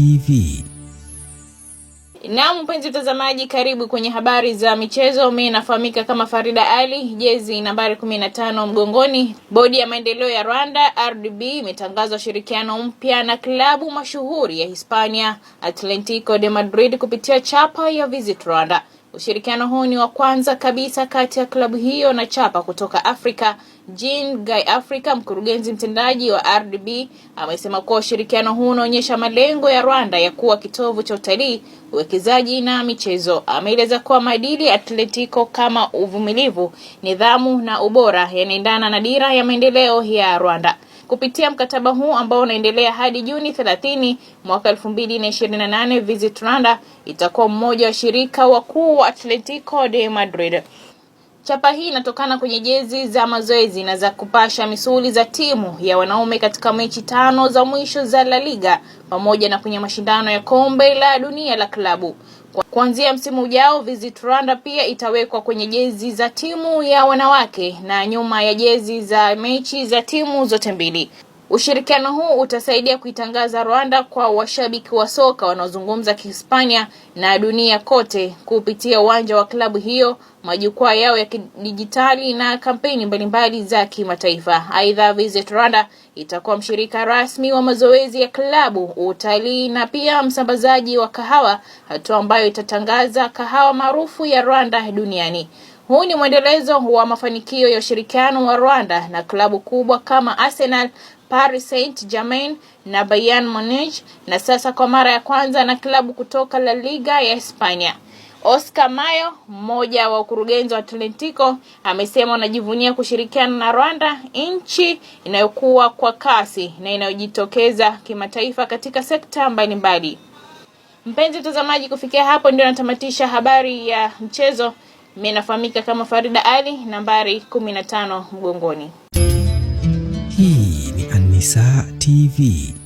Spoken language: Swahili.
TV. Na mpenzi mtazamaji, karibu kwenye habari za michezo. Mimi nafahamika kama Farida Ali. Jezi nambari 15 mgongoni. Bodi ya maendeleo ya Rwanda RDB imetangaza ushirikiano mpya na klabu mashuhuri ya Hispania Atletico de Madrid kupitia chapa ya Visit Rwanda. Ushirikiano huu ni wa kwanza kabisa kati ya klabu hiyo na chapa kutoka Afrika. Jean Guy Africa, mkurugenzi mtendaji wa RDB, amesema kuwa ushirikiano huu unaonyesha malengo ya Rwanda ya kuwa kitovu cha utalii, uwekezaji na michezo. Ameeleza kuwa maadili ya Atletico kama uvumilivu, nidhamu na ubora yanaendana na dira ya maendeleo ya Rwanda. Kupitia mkataba huu ambao unaendelea hadi Juni 30 mwaka 2028, Visit Rwanda itakuwa mmoja wa shirika wakuu wa Atletico de Madrid. Chapa hii inatokana kwenye jezi za mazoezi na za kupasha misuli za timu ya wanaume katika mechi tano za mwisho za La Liga pamoja na kwenye mashindano ya kombe la dunia la klabu. Kuanzia msimu ujao, Visit Rwanda pia itawekwa kwenye jezi za timu ya wanawake na nyuma ya jezi za mechi za timu zote mbili. Ushirikiano huu utasaidia kuitangaza Rwanda kwa washabiki wa soka wanaozungumza Kihispania na dunia kote kupitia uwanja wa klabu hiyo, majukwaa yao ya kidijitali na kampeni mbalimbali za kimataifa. Aidha, Visit Rwanda itakuwa mshirika rasmi wa mazoezi ya klabu, utalii na pia msambazaji wa kahawa, hatua ambayo itatangaza kahawa maarufu ya Rwanda duniani. Huu ni mwendelezo wa mafanikio ya ushirikiano wa Rwanda na klabu kubwa kama Arsenal Paris Saint-Germain na Bayern Munich na sasa kwa mara ya kwanza na klabu kutoka La Liga ya Hispania. Oscar Mayo, mmoja wa ukurugenzi wa Atletico, amesema wanajivunia kushirikiana na Rwanda, nchi inayokuwa kwa kasi na inayojitokeza kimataifa katika sekta mbalimbali. Mpenzi mtazamaji, kufikia hapo ndio natamatisha habari ya mchezo. Mimi nafahamika kama Farida Ali, nambari 15 mgongoni. Kanisa TV.